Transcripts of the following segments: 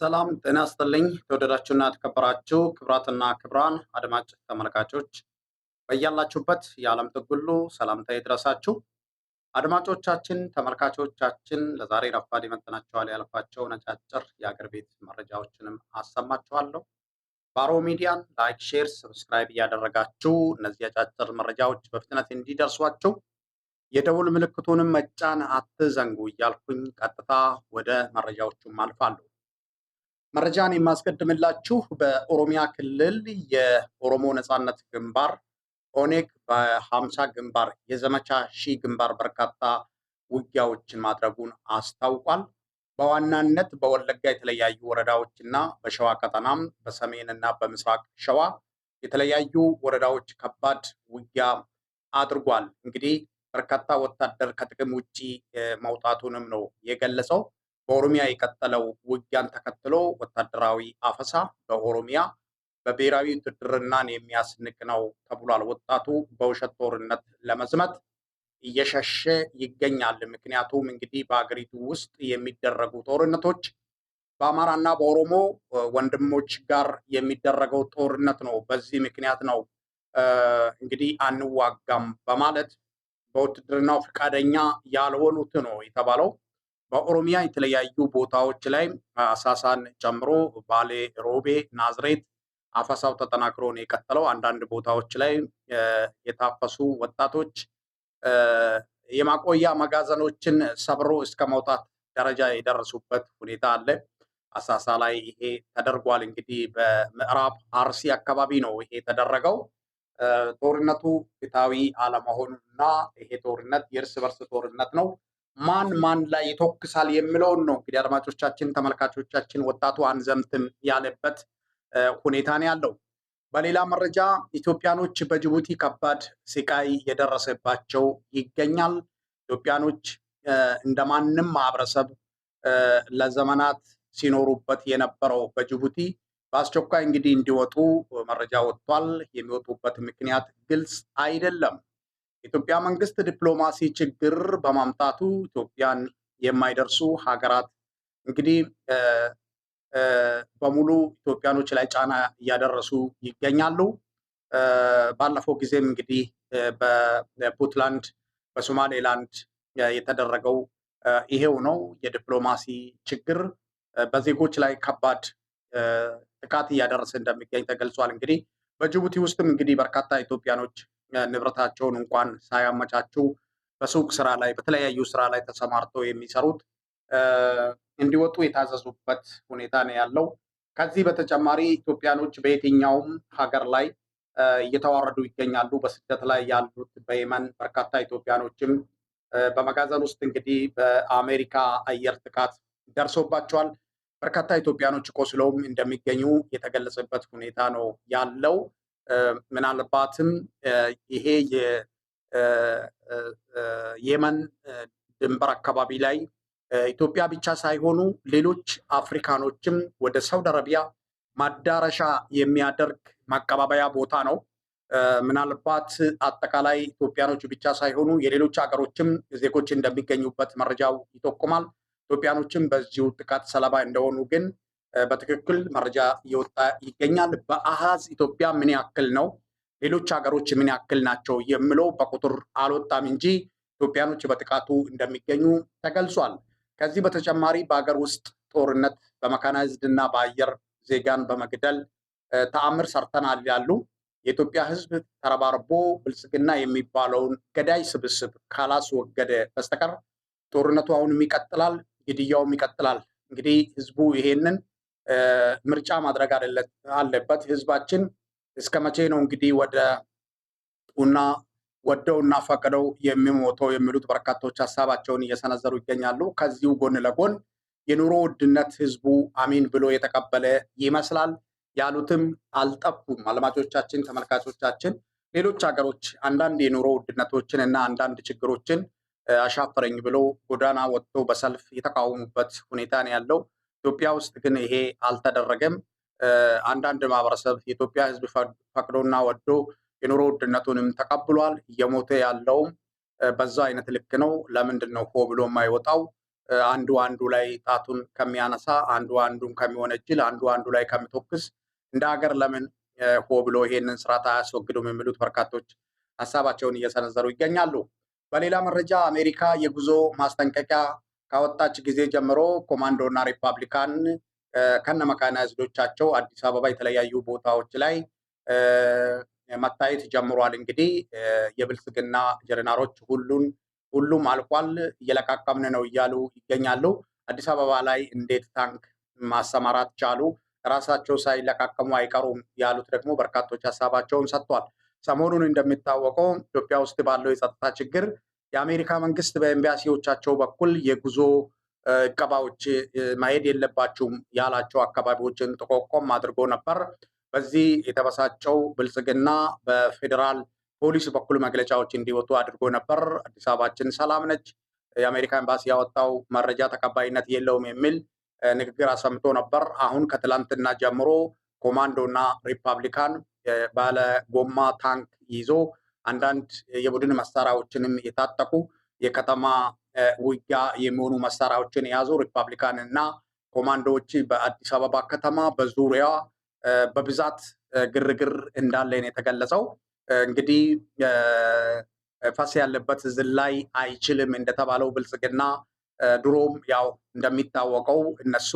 ሰላም ጤና ይስጥልኝ። ተወደዳችሁና ተከበራችሁ ክብራትና ክብራን አድማጭ ተመልካቾች በያላችሁበት የዓለም ጥግ ሁሉ ሰላምታዬ ይድረሳችሁ። አድማጮቻችን፣ ተመልካቾቻችን ለዛሬ ረፋድ ይመጥናችኋል ያልኳቸውን አጫጭር የአገር ቤት መረጃዎችንም አሰማችኋለሁ። ባሮ ሚዲያን ላይክ፣ ሼር፣ ሰብስክራይብ እያደረጋችሁ እነዚህ አጫጭር መረጃዎች በፍጥነት እንዲደርሷችሁ የደውል ምልክቱንም መጫን አትዘንጉ እያልኩኝ ቀጥታ ወደ መረጃዎቹም አልፋለሁ። መረጃን የማስቀድምላችሁ በኦሮሚያ ክልል የኦሮሞ ነጻነት ግንባር ኦኔግ በሀምሳ ግንባር የዘመቻ ሺህ ግንባር በርካታ ውጊያዎችን ማድረጉን አስታውቋል። በዋናነት በወለጋ የተለያዩ ወረዳዎች እና በሸዋ ቀጠናም በሰሜን እና በምስራቅ ሸዋ የተለያዩ ወረዳዎች ከባድ ውጊያ አድርጓል። እንግዲህ በርካታ ወታደር ከጥቅም ውጪ መውጣቱንም ነው የገለጸው። በኦሮሚያ የቀጠለው ውጊያን ተከትሎ ወታደራዊ አፈሳ በኦሮሚያ በብሔራዊ ውትድርናን የሚያስንቅ ነው ተብሏል። ወጣቱ በውሸት ጦርነት ለመዝመት እየሸሸ ይገኛል። ምክንያቱም እንግዲህ በሀገሪቱ ውስጥ የሚደረጉ ጦርነቶች በአማራና በኦሮሞ ወንድሞች ጋር የሚደረገው ጦርነት ነው። በዚህ ምክንያት ነው እንግዲህ አንዋጋም በማለት በውትድርናው ፈቃደኛ ያልሆኑት ነው የተባለው። በኦሮሚያ የተለያዩ ቦታዎች ላይ አሳሳን ጨምሮ ባሌ፣ ሮቤ፣ ናዝሬት አፈሳው ተጠናክሮ ነው የቀጠለው። አንዳንድ ቦታዎች ላይ የታፈሱ ወጣቶች የማቆያ መጋዘኖችን ሰብሮ እስከ መውጣት ደረጃ የደረሱበት ሁኔታ አለ። አሳሳ ላይ ይሄ ተደርጓል። እንግዲህ በምዕራብ አርሲ አካባቢ ነው ይሄ የተደረገው። ጦርነቱ ፍትሃዊ አለመሆኑ እና ይሄ ጦርነት የእርስ በርስ ጦርነት ነው ማን ማን ላይ ይተኩሳል የሚለውን ነው እንግዲህ አድማጮቻችን፣ ተመልካቾቻችን ወጣቱ አንዘምትም ያለበት ሁኔታ ነው ያለው። በሌላ መረጃ ኢትዮጵያኖች በጅቡቲ ከባድ ስቃይ የደረሰባቸው ይገኛል። ኢትዮጵያኖች እንደማንም ማህበረሰብ ለዘመናት ሲኖሩበት የነበረው በጅቡቲ በአስቸኳይ እንግዲህ እንዲወጡ መረጃ ወጥቷል። የሚወጡበት ምክንያት ግልጽ አይደለም። የኢትዮጵያ መንግስት ዲፕሎማሲ ችግር በማምጣቱ ኢትዮጵያን የማይደርሱ ሀገራት እንግዲህ በሙሉ ኢትዮጵያኖች ላይ ጫና እያደረሱ ይገኛሉ። ባለፈው ጊዜም እንግዲህ በፑትላንድ በሶማሌላንድ የተደረገው ይሄው ነው። የዲፕሎማሲ ችግር በዜጎች ላይ ከባድ ጥቃት እያደረሰ እንደሚገኝ ተገልጿል። እንግዲህ በጅቡቲ ውስጥም እንግዲህ በርካታ ኢትዮጵያኖች ንብረታቸውን እንኳን ሳያመቻቹ በሱቅ ስራ ላይ በተለያዩ ስራ ላይ ተሰማርተው የሚሰሩት እንዲወጡ የታዘዙበት ሁኔታ ነው ያለው። ከዚህ በተጨማሪ ኢትዮጵያኖች በየትኛውም ሀገር ላይ እየተዋረዱ ይገኛሉ። በስደት ላይ ያሉት በየመን በርካታ ኢትዮጵያኖችም በመጋዘን ውስጥ እንግዲህ በአሜሪካ አየር ጥቃት ደርሶባቸዋል። በርካታ ኢትዮጵያኖች ቆስለውም እንደሚገኙ የተገለጸበት ሁኔታ ነው ያለው። ምናልባትም ይሄ የየመን ድንበር አካባቢ ላይ ኢትዮጵያ ብቻ ሳይሆኑ ሌሎች አፍሪካኖችም ወደ ሳውዲ አረቢያ ማዳረሻ የሚያደርግ ማቀባበያ ቦታ ነው። ምናልባት አጠቃላይ ኢትዮጵያኖቹ ብቻ ሳይሆኑ የሌሎች ሀገሮችም ዜጎች እንደሚገኙበት መረጃው ይጠቁማል። ኢትዮጵያኖችም በዚሁ ጥቃት ሰለባ እንደሆኑ ግን በትክክል መረጃ እየወጣ ይገኛል። በአሃዝ ኢትዮጵያ ምን ያክል ነው፣ ሌሎች ሀገሮች ምን ያክል ናቸው የሚለው በቁጥር አልወጣም እንጂ ኢትዮጵያኖች በጥቃቱ እንደሚገኙ ተገልጿል። ከዚህ በተጨማሪ በሀገር ውስጥ ጦርነት በመካናይዝድ እና በአየር ዜጋን በመግደል ተአምር ሰርተናል ያሉ የኢትዮጵያ ሕዝብ ተረባርቦ ብልጽግና የሚባለውን ገዳይ ስብስብ ካላስወገደ በስተቀር ጦርነቱ አሁንም ይቀጥላል፣ ግድያውም ይቀጥላል። እንግዲህ ሕዝቡ ይሄንን ምርጫ ማድረግ አለበት። ህዝባችን እስከ መቼ ነው እንግዲህ ወደ ና ወደው እና ፈቅደው የሚሞተው የሚሉት በርካቶች ሀሳባቸውን እየሰነዘሩ ይገኛሉ። ከዚሁ ጎን ለጎን የኑሮ ውድነት ህዝቡ አሚን ብሎ የተቀበለ ይመስላል ያሉትም አልጠፉም። አድማጮቻችን፣ ተመልካቾቻችን ሌሎች ሀገሮች አንዳንድ የኑሮ ውድነቶችን እና አንዳንድ ችግሮችን አሻፈረኝ ብሎ ጎዳና ወጥቶ በሰልፍ የተቃወሙበት ሁኔታ ነው ያለው። ኢትዮጵያ ውስጥ ግን ይሄ አልተደረገም። አንዳንድ ማህበረሰብ የኢትዮጵያ ህዝብ ፈቅዶና ወዶ የኑሮ ውድነቱንም ተቀብሏል። እየሞተ ያለውም በዛ አይነት ልክ ነው። ለምንድን ነው ሆ ብሎ የማይወጣው? አንዱ አንዱ ላይ ጣቱን ከሚያነሳ፣ አንዱ አንዱን ከሚወነጅል፣ አንዱ አንዱ ላይ ከሚቶክስ እንደ ሀገር ለምን ሆ ብሎ ይሄንን ስርዓት አያስወግዱም? የሚሉት በርካቶች ሀሳባቸውን እየሰነዘሩ ይገኛሉ። በሌላ መረጃ አሜሪካ የጉዞ ማስጠንቀቂያ ከወጣች ጊዜ ጀምሮ ኮማንዶና ሪፐብሊካን ከነመካናይዝዶቻቸው አዲስ አበባ የተለያዩ ቦታዎች ላይ መታየት ጀምሯል። እንግዲህ የብልጽግና ጀነራሎች ሁሉን ሁሉም አልቋል እየለቃቀምን ነው እያሉ ይገኛሉ። አዲስ አበባ ላይ እንዴት ታንክ ማሰማራት ቻሉ? ራሳቸው ሳይለቃቀሙ አይቀሩም ያሉት ደግሞ በርካቶች ሀሳባቸውን ሰጥቷል። ሰሞኑን እንደሚታወቀው ኢትዮጵያ ውስጥ ባለው የጸጥታ ችግር የአሜሪካ መንግስት በኤምባሲዎቻቸው በኩል የጉዞ እቀባዎች ማሄድ የለባቸውም ያላቸው አካባቢዎችን ጥቆቆም አድርጎ ነበር። በዚህ የተበሳጨው ብልጽግና በፌዴራል ፖሊስ በኩል መግለጫዎች እንዲወጡ አድርጎ ነበር። አዲስ አበባችን ሰላም ነች፣ የአሜሪካ ኤምባሲ ያወጣው መረጃ ተቀባይነት የለውም የሚል ንግግር አሰምቶ ነበር። አሁን ከትላንትና ጀምሮ ኮማንዶና ሪፐብሊካን ባለ ጎማ ታንክ ይዞ አንዳንድ የቡድን መሳሪያዎችንም የታጠቁ የከተማ ውጊያ የሚሆኑ መሳሪያዎችን የያዙ ሪፐብሊካን እና ኮማንዶዎች በአዲስ አበባ ከተማ በዙሪያ በብዛት ግርግር እንዳለ ነው የተገለጸው። እንግዲህ ፈስ ያለበት ዝላይ አይችልም እንደተባለው ብልጽግና ድሮም ያው እንደሚታወቀው እነሱ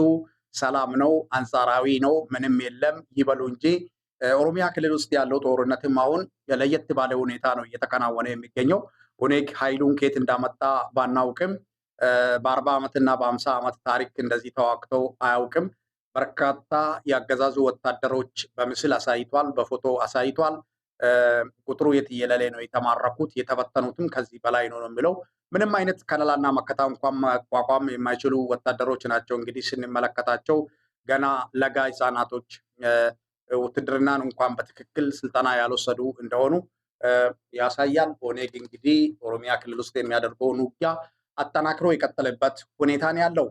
ሰላም ነው፣ አንጻራዊ ነው፣ ምንም የለም ይበሉ እንጂ ኦሮሚያ ክልል ውስጥ ያለው ጦርነትም አሁን ለየት ባለ ሁኔታ ነው እየተከናወነ የሚገኘው። ኦነግ ኃይሉን ኬት እንዳመጣ ባናውቅም በአርባ ዓመትና በአምሳ ዓመት ታሪክ እንደዚህ ተዋግተው አያውቅም። በርካታ የአገዛዙ ወታደሮች በምስል አሳይቷል፣ በፎቶ አሳይቷል። ቁጥሩ የትየለሌ ነው። የተማረኩት የተበተኑትም ከዚህ በላይ ነው ነው የሚለው ምንም አይነት ከለላና መከታ እንኳን መቋቋም የማይችሉ ወታደሮች ናቸው። እንግዲህ ስንመለከታቸው ገና ለጋ ህጻናቶች ውትድርናን እንኳን በትክክል ስልጠና ያልወሰዱ እንደሆኑ ያሳያል። ኦኔግ እንግዲህ ኦሮሚያ ክልል ውስጥ የሚያደርገውን ውጊያ አጠናክሮ የቀጠለበት ሁኔታ ነው ያለው።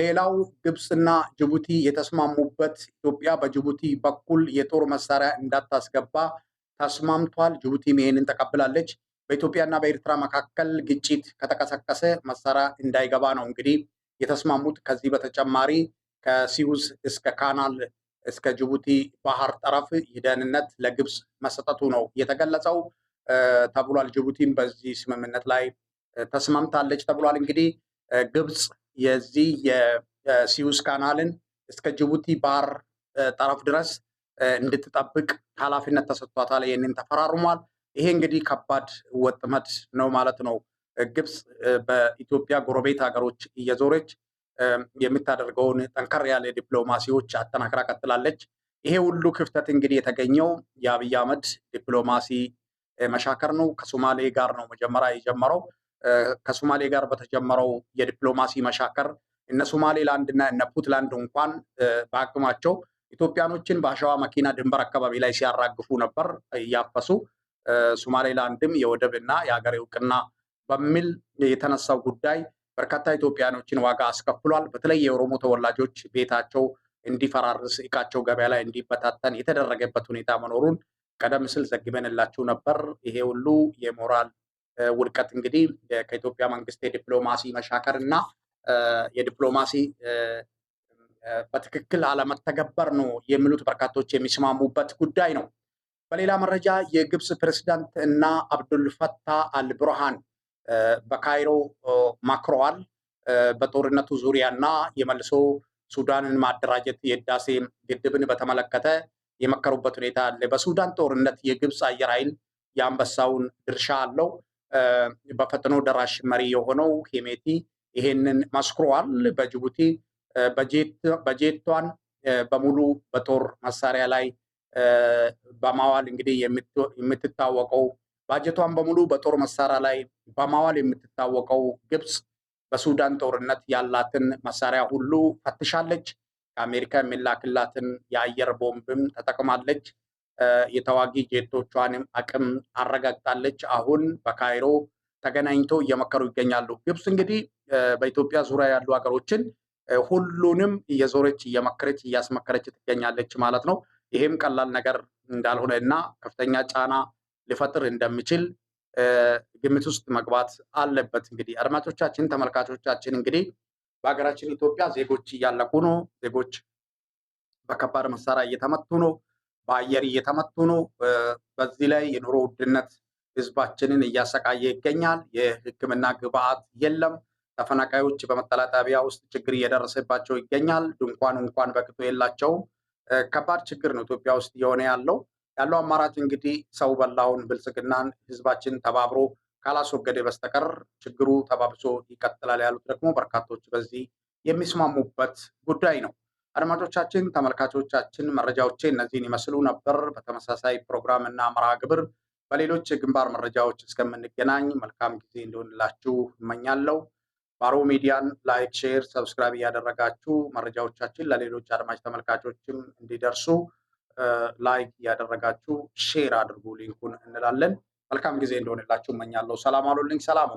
ሌላው ግብፅና ጅቡቲ የተስማሙበት ኢትዮጵያ በጅቡቲ በኩል የጦር መሳሪያ እንዳታስገባ ተስማምቷል። ጅቡቲም ይሄንን ተቀብላለች። በኢትዮጵያና በኤርትራ መካከል ግጭት ከተቀሰቀሰ መሳሪያ እንዳይገባ ነው እንግዲህ የተስማሙት። ከዚህ በተጨማሪ ከሲውዝ እስከ ካናል እስከ ጅቡቲ ባህር ጠረፍ ደህንነት ለግብፅ መሰጠቱ ነው የተገለጸው ተብሏል። ጅቡቲም በዚህ ስምምነት ላይ ተስማምታለች ተብሏል። እንግዲህ ግብፅ የዚህ የሲዩስ ካናልን እስከ ጅቡቲ ባህር ጠረፍ ድረስ እንድትጠብቅ ኃላፊነት ተሰጥቷታል። ይህንን ተፈራርሟል። ይሄ እንግዲህ ከባድ ወጥመድ ነው ማለት ነው። ግብፅ በኢትዮጵያ ጎረቤት ሀገሮች እየዞረች የምታደርገውን ጠንከር ያለ ዲፕሎማሲዎች አጠናክራ ቀጥላለች። ይሄ ሁሉ ክፍተት እንግዲህ የተገኘው የአብይ አህመድ ዲፕሎማሲ መሻከር ነው። ከሶማሌ ጋር ነው መጀመሪያ የጀመረው። ከሶማሌ ጋር በተጀመረው የዲፕሎማሲ መሻከር እነ ሶማሌላንድ እና እነ ፑትላንድ እንኳን በአቅማቸው ኢትዮጵያኖችን በአሸዋ መኪና ድንበር አካባቢ ላይ ሲያራግፉ ነበር እያፈሱ። ሶማሌላንድም የወደብ እና የሀገር እውቅና በሚል የተነሳው ጉዳይ በርካታ ኢትዮጵያኖችን ዋጋ አስከፍሏል። በተለይ የኦሮሞ ተወላጆች ቤታቸው እንዲፈራርስ፣ እቃቸው ገበያ ላይ እንዲበታተን የተደረገበት ሁኔታ መኖሩን ቀደም ስል ዘግበንላችሁ ነበር። ይሄ ሁሉ የሞራል ውድቀት እንግዲህ ከኢትዮጵያ መንግስት የዲፕሎማሲ መሻከር እና የዲፕሎማሲ በትክክል አለመተገበር ነው የሚሉት በርካቶች የሚስማሙበት ጉዳይ ነው። በሌላ መረጃ የግብፅ ፕሬዝዳንት እና አብዱልፈታህ አልብርሃን በካይሮ ማክረዋል። በጦርነቱ ዙሪያና የመልሶ ሱዳንን ማደራጀት የህዳሴ ግድብን በተመለከተ የመከሩበት ሁኔታ አለ። በሱዳን ጦርነት የግብፅ አየር ኃይል የአንበሳውን ድርሻ አለው። በፈጥኖ ደራሽ መሪ የሆነው ሄሜቲ ይሄንን መስክሯል። በጅቡቲ በጄቷን በሙሉ በጦር መሳሪያ ላይ በማዋል እንግዲህ የምትታወቀው ባጀቷን በሙሉ በጦር መሳሪያ ላይ በማዋል የምትታወቀው ግብፅ በሱዳን ጦርነት ያላትን መሳሪያ ሁሉ ፈትሻለች። ከአሜሪካ የሚላክላትን የአየር ቦምብም ተጠቅማለች። የተዋጊ ጄቶቿንም አቅም አረጋግጣለች። አሁን በካይሮ ተገናኝተው እየመከሩ ይገኛሉ። ግብፅ እንግዲህ በኢትዮጵያ ዙሪያ ያሉ ሀገሮችን ሁሉንም እየዞረች እየመከረች እያስመከረች ትገኛለች ማለት ነው። ይህም ቀላል ነገር እንዳልሆነ እና ከፍተኛ ጫና ሊፈጥር እንደሚችል ግምት ውስጥ መግባት አለበት። እንግዲህ አድማጮቻችን፣ ተመልካቾቻችን እንግዲህ በሀገራችን ኢትዮጵያ ዜጎች እያለቁ ነው። ዜጎች በከባድ መሳሪያ እየተመቱ ነው። በአየር እየተመቱ ነው። በዚህ ላይ የኑሮ ውድነት ህዝባችንን እያሰቃየ ይገኛል። የህክምና ግብአት የለም። ተፈናቃዮች በመጠለያ ጣቢያ ውስጥ ችግር እየደረሰባቸው ይገኛል። ድንኳን እንኳን በቅጡ የላቸውም። ከባድ ችግር ነው ኢትዮጵያ ውስጥ እየሆነ ያለው። ያለው አማራጭ እንግዲህ ሰው በላውን ብልጽግናን ህዝባችን ተባብሮ ካላስወገደ በስተቀር ችግሩ ተባብሶ ይቀጥላል ያሉት ደግሞ በርካቶች በዚህ የሚስማሙበት ጉዳይ ነው። አድማጮቻችን፣ ተመልካቾቻችን መረጃዎቼ እነዚህን ይመስሉ ነበር። በተመሳሳይ ፕሮግራም እና መርሃ ግብር በሌሎች የግንባር መረጃዎች እስከምንገናኝ መልካም ጊዜ እንደሆንላችሁ እመኛለሁ። ባሮ ሚዲያን ላይክ፣ ሼር፣ ሰብስክራይብ እያደረጋችሁ መረጃዎቻችን ለሌሎች አድማጭ ተመልካቾችም እንዲደርሱ ላይክ እያደረጋችሁ ሼር አድርጉ ሊንኩን እንላለን። መልካም ጊዜ እንደሆነላችሁ እመኛለሁ። ሰላም አሉልኝ። ሰላም